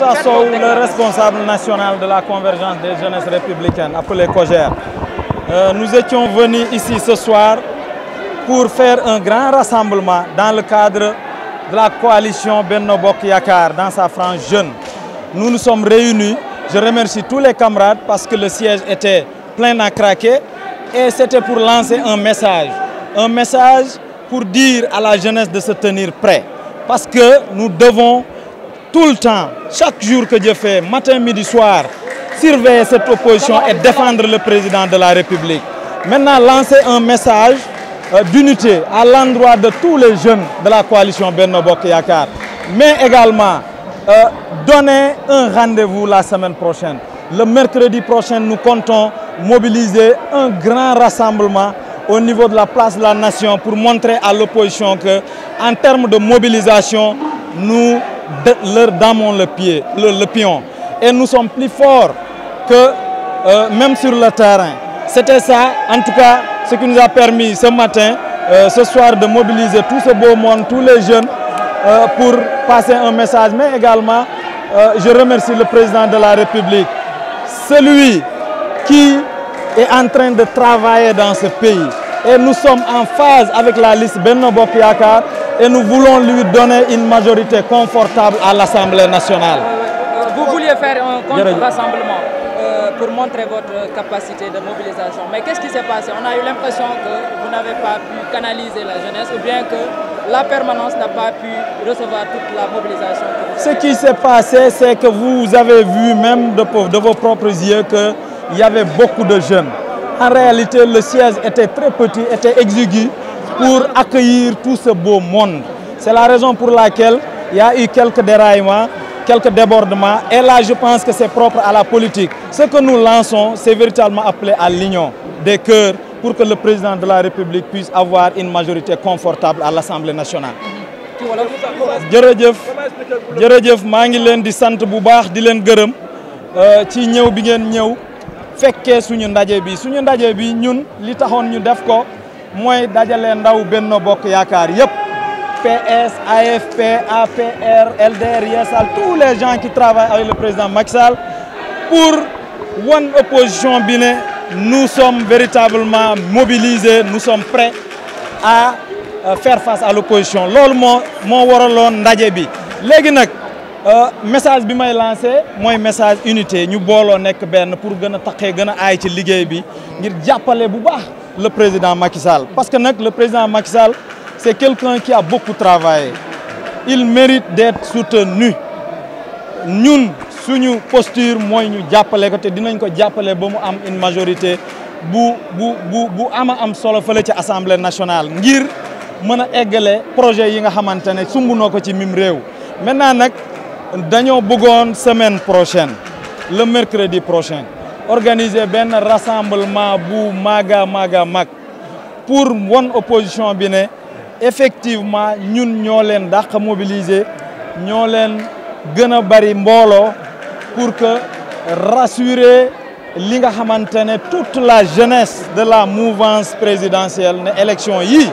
Moussa Sow, le responsable national de la convergence des jeunesses républicaines, appelé COGER. Euh, nous étions venus ici ce soir pour faire un grand rassemblement dans le cadre de la coalition Benno Bokk Yakaar dans sa france jeune. Nous nous sommes réunis. Je remercie tous les camarades parce que le siège était plein à craquer et c'était pour lancer un message. Un message pour dire à la jeunesse de se tenir prêt parce que nous devons tout le temps, chaque jour que je fais, matin, midi, soir, surveiller cette opposition et défendre le président de la République. Maintenant, lancer un message euh, d'unité à l'endroit de tous les jeunes de la coalition Benno Bokk Yakaar, mais également euh, donner un rendez-vous la semaine prochaine. Le mercredi prochain, nous comptons mobiliser un grand rassemblement au niveau de la place de la Nation pour montrer à l'opposition que, en termes de mobilisation, nous leur dans le pied, le, le, pion. Et nous sommes plus forts que euh, même sur le terrain. C'était ça, en tout cas, ce qui nous a permis ce matin, euh, ce soir, de mobiliser tout ce beau monde, tous les jeunes, euh, pour passer un message. Mais également, euh, je remercie le président de la République, celui qui est en train de travailler dans ce pays. et nous sommes en phase avec la liste Benno Bokk Yaakaar et nous voulons lui donner une majorité confortable à l'Assemblée nationale. Vous vouliez faire un contre-rassemblement euh, pour montrer votre capacité de mobilisation. Mais qu'est-ce qui s'est passé? On a eu l'impression que vous n'avez pas pu canaliser ou bien que la permanence n'a toute la mobilisation. Ce qui s'est passé, c'est que vous avez vu même de vos propres yeux qu'il y avait beaucoup de jeunes. En réalité, le siège était très petit, était exigu pour accueillir tout ce beau monde. C'est la raison pour laquelle il y a eu quelques déraillements, quelques débordements. Et là, je pense que c'est propre à la politique. Ce que nous lançons, c'est véritablement appelé à l'union des cœurs pour que le président de la République puisse avoir une majorité confortable à l'Assemblée nationale. jërëjëf jërëjëf maa ngi leen di sant bu baax di leen gërëm euh, ci ñëw bi ngeen ñëw fekkee suñu ndaje bi suñu ndaje bi ñun li taxoon ñu def ko mooy dajale ndaw Benno Bokk Yaakaar yëpp PS AFP APR LDR Yeesal tous les gens qui travaillent avec le président Macky Sall pour wan opposition bi ne nous sommes véritablement mobilisés nous sommes prêts à euh, faire face à l'opposition loolu moo waraloon ndaje bi léegi Euh, message bi may lancé mooy message unité ñu booloo nekk benn pour gën a taqee gën a aay ci liggéey bi ngir jàppale bu baax le président Macky parce que nag le président Macky Sall c'est quelqu'un qui a beaucoup travaillé il mérite d'être soutenu ñun suñu posture mooy ñu jàppale ko te dinañ ko jàppale ba mu am une majorité bu bu bu bu ama am solo ci assemblée nationale ngir mën a eggale projet yi nga xamante ne sumb noo ko ci mim réew maintenant nag dañoo bëggoon semaine prochaine le mercredi prochain organiser benn rassemblement bu maaga maaga mag pour won opposition bi ne effectivement ñun ñoo leen dàq mobiliser ñoo leen gën a bari mbooloo pour que rassurer li nga xamante ne toute la jeunesse de la mouvance présidentielle ne élection yi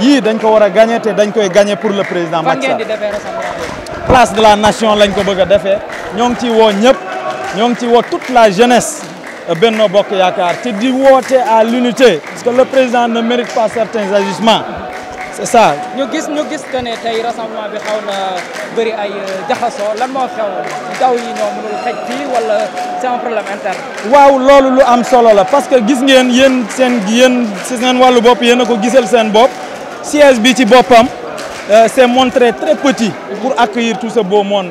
yii dañ ko war a gagner te dañ koy gagner pour le président Macky place de la nation lañ ko bëgg a defee ñoo ngi ciy woo ñëpp ñoo ngi ciy woo toute la jeunesse Benno Bokk Yaakaar te di woote à l'unité parce que le président ne mérite pas certains agissements c'est ça. ñu gis ñu gis que ne tey rassemblement bi xaw na bëri ay euh, jaxasoo lan moo xew daw yi ñoo mënul xej fii wala c'est un problème waaw loolu lu am solo la parce que gis ngeen yéen seen yéen seen wàllu bopp yéen a ko gisal seen bopp siège bi ci boppam. s'est euh, montré très petit pour accueillir tout ce beau moon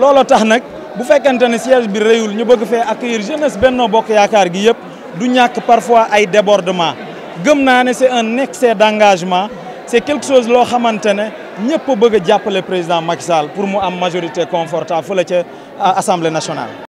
loolo tax nag bu fekkente ne siège bi réyul ñu bëgg fee accueillir jeunesse Benno Bokk Yaakaar gi yëpp du ñàkk parfois ay débordement gëm naa ne c'est un excès d'engagement c'est quelque chose loo xamante ne ñëpp bëgg a jàppale président Macky Sall pour mu am majorité confortable fële ca assemblée nationale